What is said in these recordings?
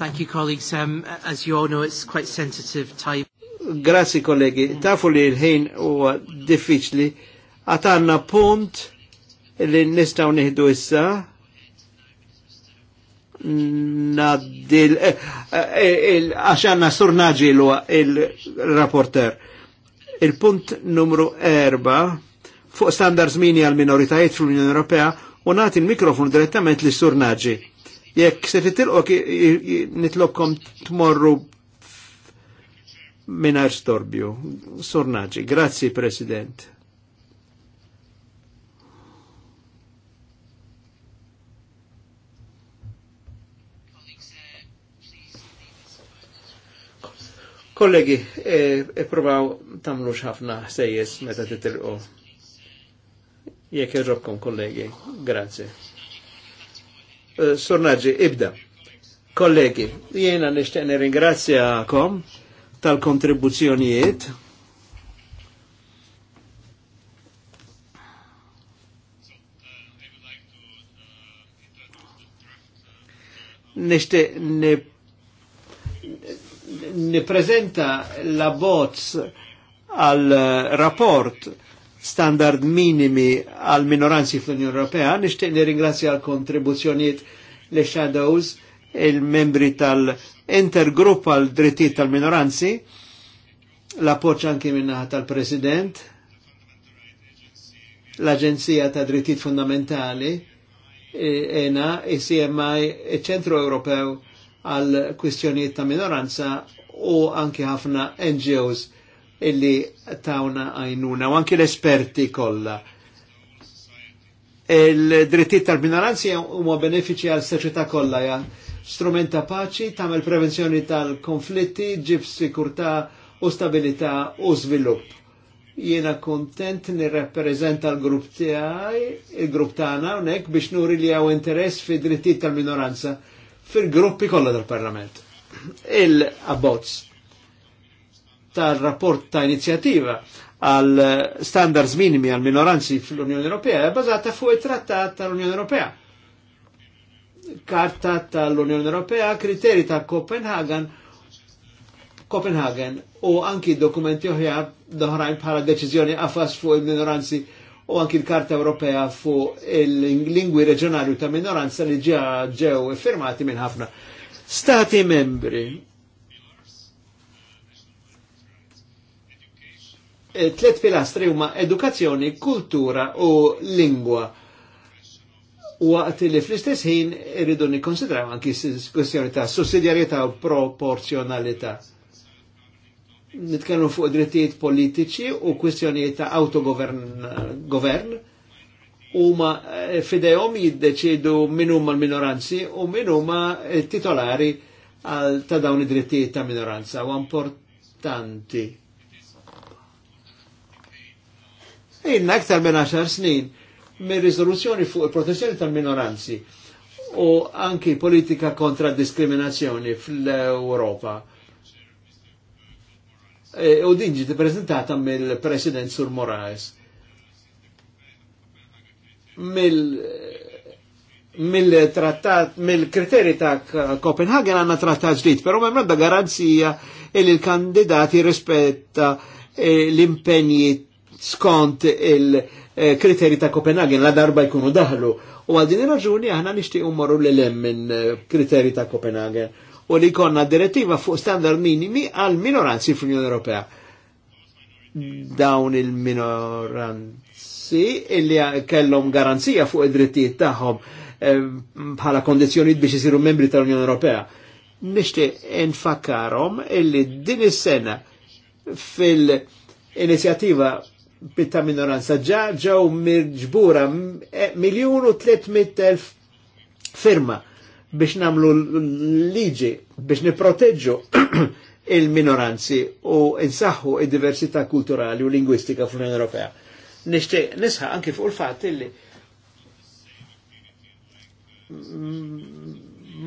Thank you, colleagues. Um, as you all know, it's quite sensitive time. Grazie, kollegi. Tafu li l-ħin huwa diffiċli. Għatanna punt li nistaw nieħdu issa. Naddil, eh, eh, eh, għaxanna surnaġi il-rapporter. Il-punt numru erba' fuq standards mini għal minoritajiet fl-Unjoni Ewropea u nagħti il-mikrofon direttament li surnaġi. Jekk se titilqok nitlobkom tmorru minar storbju. Sornaġi, grazzi President. Kollegi, ippruvaw e, e tamlu xafna sejjes meta titilqu. Jek irrobkom kollegi, grazzi. Eh, Sornaġi, ibda. Kollegi, jiena nishtiq nirringrazzjakom tal-kontribuzzjonijiet. Nishtiq niprezenta la bozz għal rapport uh, standard minimi għal minoranzi fl-Unjoni Ewropea, nixtieq nirringrazzja għal kontribuzzjonijiet le shadows il-membri tal-intergrupp għal drittijiet tal-minoranzi, l-appoċ anki minnaħa tal-President, l-Aġenzija ta' Drittijiet Fundamentali, ENA, ICMI, e il e ċentru Ewropew għal kwistjonijiet ta' minoranza u anki ħafna NGOs illi tawna għajnuna, u anki l-esperti kollha. il drittit tal-minoranzi huma benefiċi għal soċjetà kollha ja strument ta' paċi, tagħmel prevenzjoni tal-konflitti, ġib sikurtà u stabilità u żvilupp. Jiena kontent nirrappreżenta l-grupp tiegħi, il-grupp tagħna hawnhekk biex nuri li hawn interess fi drittijiet tal-minoranza fil-gruppi kollha tal-Parlament. Il-abbozz tal-rapport ta' inizjativa għal standards minimi għal minoranzi fl-Unjoni Ewropea e bazata fuq it-trattat tal-Unjoni Ewropea. Karta tal-Unjoni Ewropea, kriteri ta' Copenhagen, Copenhagen u anki dokumenti oħjar doħrajn bħala deċiżjoni għafas fuq il-minoranzi u anki l-Karta Ewropea fuq il-lingwi reġjonali ta' minoranza li ġew ġew firmati minn ħafna. Stati membri Eh, tlet pilastri huma edukazzjoni, kultura u lingwa. Waqt li fl-istess ħin irridu nikkonsidraw anki s kwestjoni ta' sussidjarieta u proporzjonalità. Nitkellmu fuq drittijiet politiċi u kwestjonijiet ta' autogovern u ma eh, fidejhom jiddeċidu min huma l-minoranzi u min huma eh, titolari ta' dawn id-drittijiet ta' minoranza. U importanti Inna aktar minn 10 snin minn riżoluzzjoni fuq il-protezzjoni tal-minoranzi u anki politika kontra diskriminazzjoni fl-Europa. E, u din ġiet prezentata mill-President Sur Moraes. Mill-trattat, mill-kriteri ta' Copenhagen għanna trattat ġdid, però memra da garanzija il-kandidati rispetta e, l-impenji skont il-kriteri ta' Kopenhagen la darba jkunu daħlu. U għal din raġuni aħna nixtieq morru l lem minn eh, kriteri ta' Kopenhagen u li konna direttiva fuq standard minimi għal minoranzi fl-Unjoni Ewropea. Dawn il-minoranzi illi kellhom garanzija fuq id-drittijiet tagħhom eh, bħala kondizjoni biex isiru membri tal-Unjoni Ewropea. Nixtieq infakkarhom illi din is-sena fil-inizjattiva bitta minoranza ġaġaw mirġbura miljon e, u elf firma biex namlu l liġi biex niproteġu il-minoranzi u insaħħu il diversità kulturali u lingwistika fl-Unjoni Ewropea. Nishtiq nisħa anki fuq il-fatt illi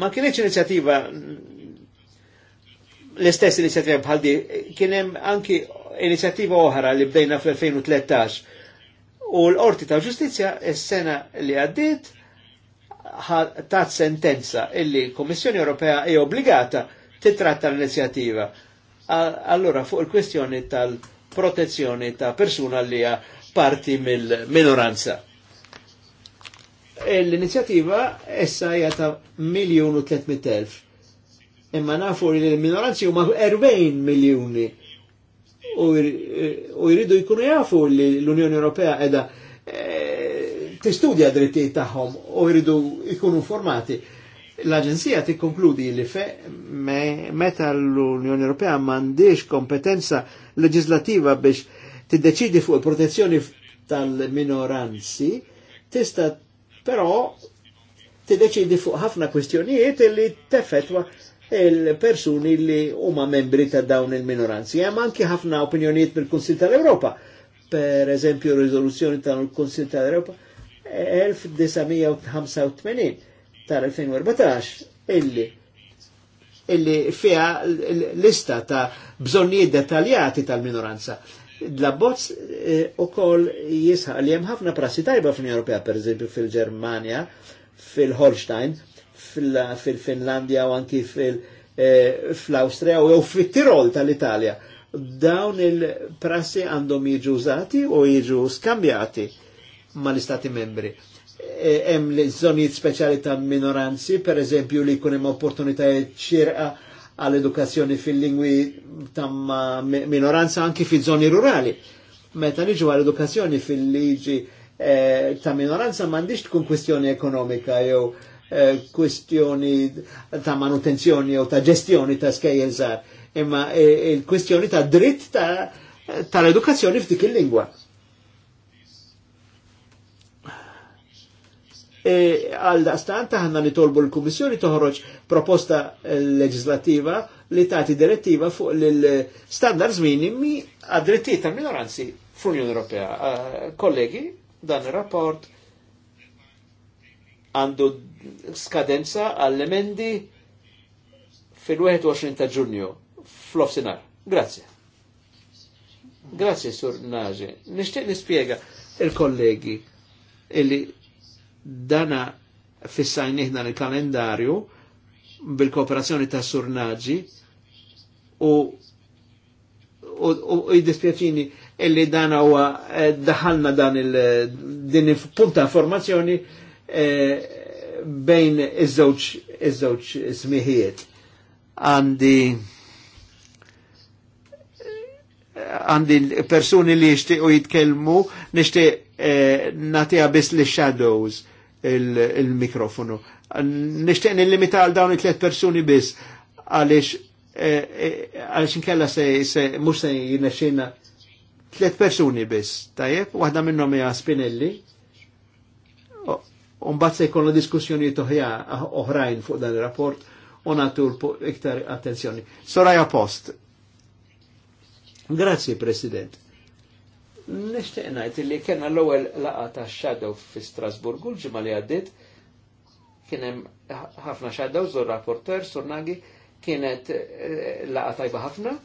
ma kienieċ inizjativa l-istess inizjativa bħal di kien anki inizjattiva oħra li bdejna fl-2013 u l-Orti ta' Ġustizja s-sena li għaddit ta' sentenza illi Komissjoni Ewropea e obbligata titratta l-inizjattiva. Allora fuq il-kwestjoni tal-protezzjoni ta' persuna li ha parti mill-minoranza. E l-inizjattiva essa hija ta' 1.300.000 imma nafu li l-minoranzi huma 40 miljuni u jridu jkunu jafu li l-Unjoni Ewropea edha eh, tistudja drittijiet tagħhom u jridu jkunu informati. L-Aġenzija tikkonkludi li fe meta l-Unjoni Ewropea m'għandix kompetenza leġislativa biex tiddeċidi fuq il-protezzjoni tal-minoranzi, tista' però tiddeċidi fuq ħafna kwistjonijiet li teffetwa il-persuni li huma membri ta' dawn il-minoranzi. Hemm anki ħafna opinjonijiet mill-Kunsil tal-Ewropa, per eżempju riżoluzzjoni tal-Kunsil tal-Ewropa 1985 tal-2014 illi illi fija lista ta' bżonnijiet dettaljati tal-minoranza l-abbozz eh, u kol jisħaq li jem ħafna prassi tajba fl Europea, per eżempju fil-Germania, fil-Holstein, fil finlandia u anki fil-Austria eh, u fil tirol tal-Italja. Dawn il-prassi għandhom jiġu użati u jiġu skambjati l istati membri. E, hemm l-żonijiet speċjali ta' minoranzi, per eżempju li kun hemm opportunitajiet ċirqa għall-edukazzjoni fil-lingwi ta' minoranza anki fi zoni rurali. Meta niġu għall-edukazzjoni fil-liġi eh, ta' minoranza m'għandix tkun kwestjoni ekonomika jew Eh, kwestjoni ta' manutenzjoni u ta' ġestjoni ta' skejjel żgħar, imma eh, il-kwestjoni ta' dritt tal-edukazzjoni ta f'dik il-lingwa. E, għal e, daqstan taħna nitolbu l-Kummissjoni toħroġ proposta leġislativa li tagħti direttiva fuq l-standards minimi għad-drittijiet tal-minoranzi fl-Unjoni Ewropea. Eh, kollegi, dan ir-rapport għandu skadenza għall-emendi fil-21 ta' ġunju fl-ofsinar. Grazie. Grazie, Sur Naġe. Nishtiq nispiega il-kollegi illi dana fissajn iħna l-kalendarju bil-kooperazzjoni ta' Sur Naġi u u jiddispjaċini illi dana u eh, daħalna dan il din punta informazzjoni eh, bejn iż-żewġ iż-żewġ smiħiet għandi għandi persuni li jishtiqu jitkelmu nishtiq eh, natija biss li shadows il-mikrofonu. Il nishtiq nillimita għal dawn it-tlet persuni biss għalix eh, eh, għalix eh, nkella se, se mux se jinaxina tlet persuni biss, tajjeb, waħda minnom hija Spinelli Umbat se jkollna diskussjoni toħja oħrajn fuq dan il-rapport u natu iktar attenzjoni. Soraja Post. Grazie, President. Nishtiq ngħid li kena l-ewwel laqgħa ta' Shadow fi Strasburg u l-ġimgħa li għaddiet kien hemm ħafna shadow u rapporter Surnagi kienet eh, laqgħa tajba ħafna.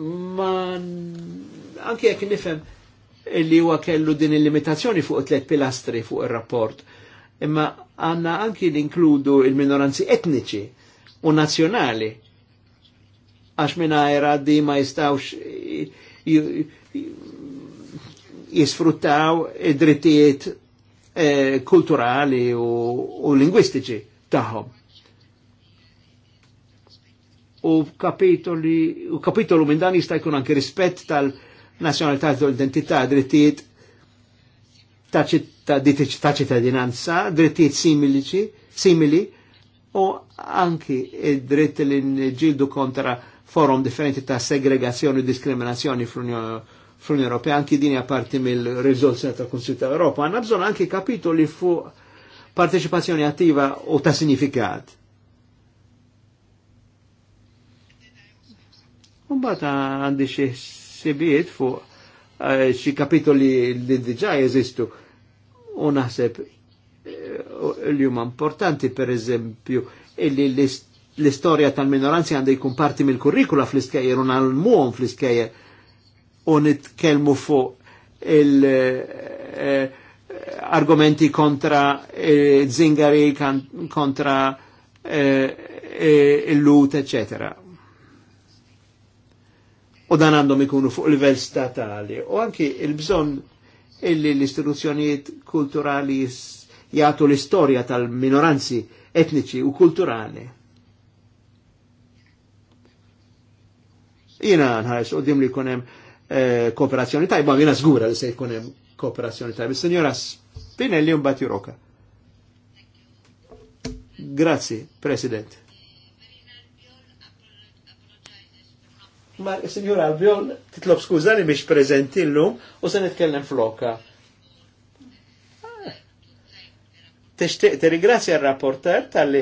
Ma anki jek nifem li huwa kellu din il-limitazzjoni fuq tliet pilastri fuq ir-rapport. Imma għanna anki l-inkludu il-minoranzi etniċi u nazjonali għax minna di ma jistawx jisfruttaw id-drittijiet eh, kulturali u, lingwistiċi tagħhom. U kapitoli, u kapitolu minn dan jista' jkun anke rispett tal- nazjonalità u identità, drittijiet ta' ċittadinanza, drittijiet simili, u anki id-dritt li nġildu kontra forum differenti ta' segregazzjoni u diskriminazzjoni fl-Unjoni Ewropea, anki din parti mill-rizolzjoni ta' Konsil ta' Ewropa, għanna bżon anki kapitoli fu partecipazzjoni attiva u ta' sinifikat. bata għandi xie sibiet fuq eh, xi kapitoli li diġa jeżistu u naħseb eh, li huma importanti per eżempju illi l-istorja tal-minoranzi għandha jkun parti mill-kurrikula fl-iskejjer u nalmuhom fl-iskejjer u nitkellmu fuq il-argumenti eh, kontra zingari kontra il-lut, eccetera u dan għandhom ikunu fuq livell statali u anki il-bżon illi l-istituzzjonijiet kulturali jgħatu l-istorja tal-minoranzi etniċi u kulturali. Jina nħares u dim li kunem eh, kooperazzjoni tajba, jina zgura li se jkunem kooperazzjoni tajba. Signora Spinelli un bat Grazie, Presidente. Ma signor Albion titlob skuza li mhix preżenti llum u se nitkellem floka. Tixtieq tirringrazzja r-rapporter tal-li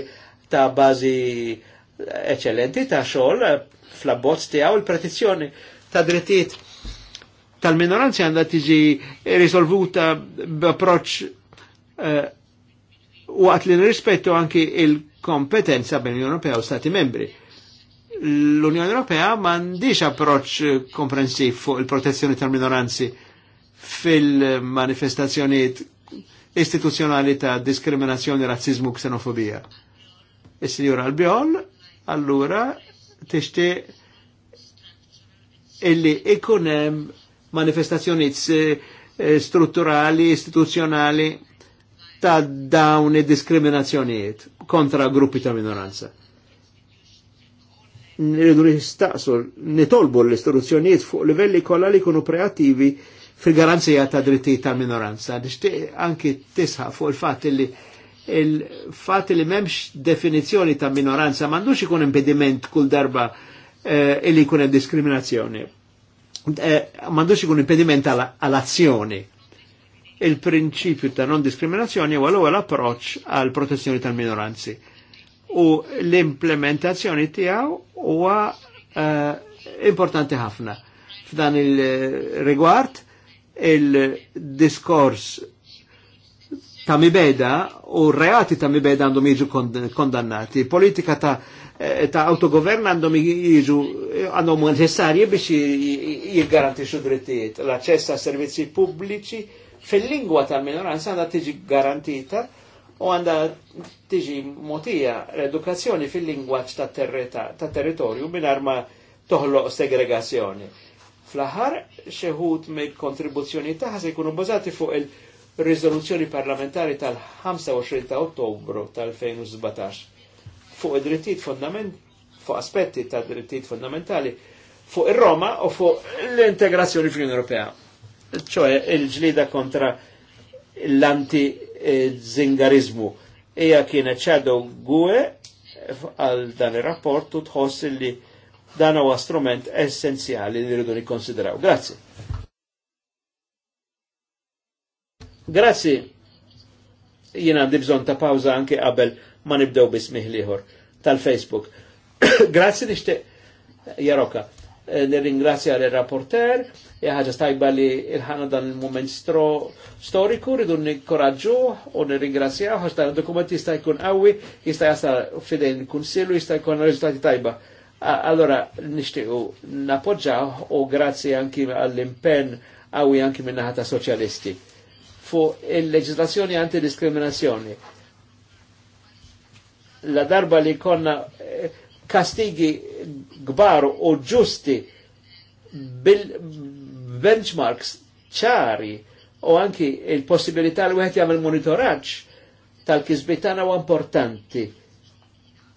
ta' bażi eċċellenti ta' xogħol fl-abbozz tiegħu il pretizzjoni ta' drittijiet tal-minoranzi għandha tiġi risolvuta b'approċċ eh, waqt li nirrispettu anki il-kompetenza bil-Unjoni Ewropea u Stati membri l-Unjoni Ewropea m'għandix approċċ komprensiv fuq il-protezzjoni tal-minoranzi fil-manifestazzjonijiet istituzzjonali ta' diskriminazzjoni, razzizmu, xenofobija. Is-sinjura e Albiol, allura, tixti illi ikunem manifestazzjoniet eh, strutturali, istituzzjonali ta' dawn id-diskriminazzjonijiet kontra gruppi ta' minoranza nridu nistaqsu, nitolbu l-istruzzjonijiet fuq livelli kollha li jkunu preattivi fil-garanzija ta' drittijiet ta' minoranza. Nixtieq anki tisħa fuq il-fatt li il-fatt li memx definizjoni ta' minoranza m'għandux ikun impediment kull darba eh, li jkun hemm diskriminazzjoni. Eh, m'għandux ikun impediment għall-azzjoni. Il-prinċipju ta' non diskriminazzjoni huwa l-ewwel approċċ għal protezzjoni tal-minoranzi. U l-implementazzjoni tiegħu huwa eh, importanti ħafna. F'dan il-rigward il-diskors ta' mibeda u reati ta' mibeda għandhom jiġu kondannati. Politika ta' eh, ta' autogovern għandhom jiġu għandhom necessarji biex jiggarantixxu drittijiet. l access ta' servizzi pubbliċi fil-lingwa ta' minoranza għandha tiġi garantita u għanda tiġi motija l-edukazzjoni fil-lingwaċ ta' territorju minn ma toħloq segregazzjoni. Fl-ħar xeħut mill kontribuzzjoni ta' se jkunu bazati fuq il-rizoluzzjoni parlamentari tal-25 ta' ottobru tal-2017 fuq id-drittijiet fondamentali, fuq aspetti ta' drittijiet fondamentali fuq ir-Roma u fuq l-integrazzjoni fl-Unjoni Ewropea. ċoe il-ġlida kontra l-anti zingarizmu. Ija kienet ċadu gwe għal dan il-rapport u tħoss li dan huwa strument essenzjali li rridu nikkonsidraw. Grazzi. Grazzi. Jiena għandi bżon ta' pawza anke qabel ma nibdew bismih liħor tal-Facebook. Grazzi nixtieq jaroka. Eh, nirringrazzja l rapporter ħaġa stajba li il-ħana dan il-moment storiku, ridu nikkoraġġu u nirringrazzja, ħax dan dokument jista' jkun għawi, jista' jasal fidejn kunsillu, jista' jkun riżultati tajba. Allora, nishtiqu napoġġa u grazzi anki għall-impenn għawi anki minnaħa ta' soċjalisti fu il-leġislazzjoni antidiskriminazzjoni. La darba li konna kastigi gbar u ġusti bil-benchmarks ċari u anki il-possibilità li wieħed jagħmel monitoraċ tal kizbitana u importanti.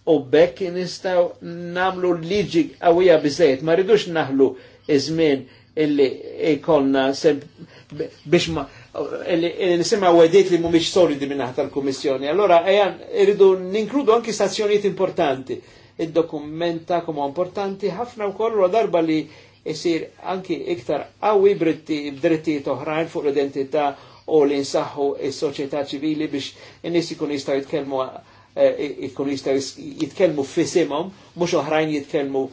U bekk nistgħu nagħmlu liġi għawija bizzejt, ma ridux naħlu izmin illi ikonna biex ma illi nisimgħu wedet li mhumiex solidi minn tal komissjoni Allora ejja irridu ninkludu anki stazzjoniet importanti id-dokumenta komu importanti ħafna u kollu darba li jisir anki iktar għawi dritti oħrajn fuq l-identità u li nsaħħu il-soċieta ċivili biex n-nis ikun jistaw jitkellmu eh, ikun jistaw jitkellmu f'isimhom mux oħrajn jitkelmu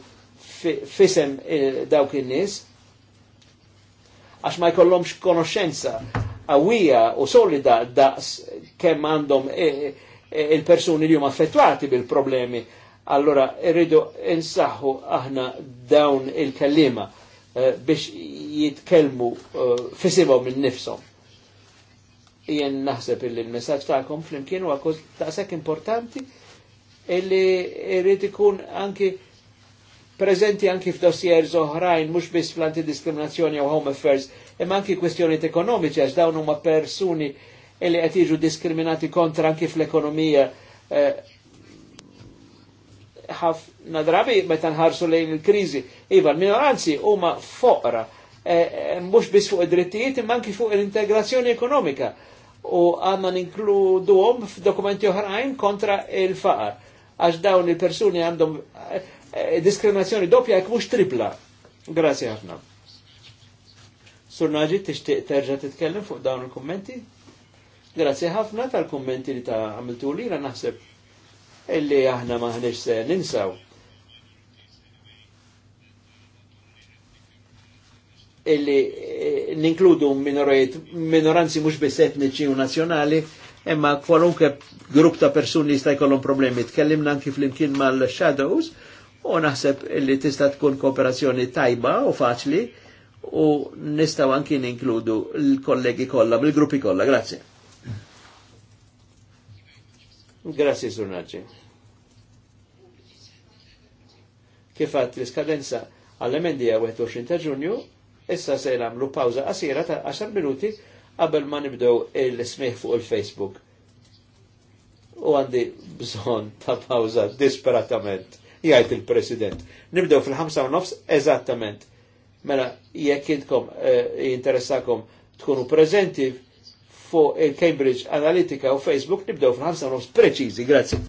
f'isem eh, dawk in nis. għax ma jkollhomx konoxxenza għawija u solida daqs kemm għandhom eh, il-persuni li huma affettuati bil-problemi allora irridu insaħħu aħna dawn il-kellima uh, biex jitkellmu uh, eh, fisimhom minn nifsom. Jien naħseb illi l-messaġġ tagħkom flimkien huwa ta' sekk importanti illi irrid ikun anki prezenti anki f'dossier oħrajn mhux biss fl-antidiskriminazzjoni u home affairs, imma anki kwestjonijiet ekonomiċi għax dawn huma persuni illi qed jiġu diskriminati kontra anki fl-ekonomija eh, ħafna drabi meta nħarsu lejn il-kriżi. Iva, l-minoranzi huma foqra, e, e, mhux biss fuq id-drittijiet imma anki fuq l-integrazzjoni ekonomika u għanna ninkluduhom f'dokumenti oħrajn kontra il-faqar. Għax dawn il-persuni għandhom e, diskriminazzjoni doppja jekk mhux tripla. Grazzi ħafna. Surnaġi, Naġi tixtieq terġa' titkellem fuq dawn il-kummenti? Grazzi ħafna tal-kummenti li ta' għamiltu li naħseb illi aħna maħniex se ninsaw. Illi eh, ninkludu minoranzi mux biss etniċi u nazjonali, imma kwalunkwe grupp ta' persuni jista' jkollhom problemi. Tkellimna anki flimkien mal-shadows u naħseb illi tista' tkun kooperazzjoni tajba u faċli u nistaw anki ninkludu l-kollegi kollha, bil-gruppi kollha. Grazie. Grazzi, Kif Kifat l-iskadenza għall-emendi 21 ta' ġunju, issa se jlamlu pawza għasira ta' 10 minuti qabel ma nibdew il-smih fuq il-Facebook. U għandi bżon ta' pawza disperatament, jgħid il-President. Nibdew fil-5 nofs eżattament. Mela, jekk intkom eh, jinteressakom tkunu prezenti fuq il-Cambridge Analytica u Facebook nibdew fl-5 preċizi. Grazie.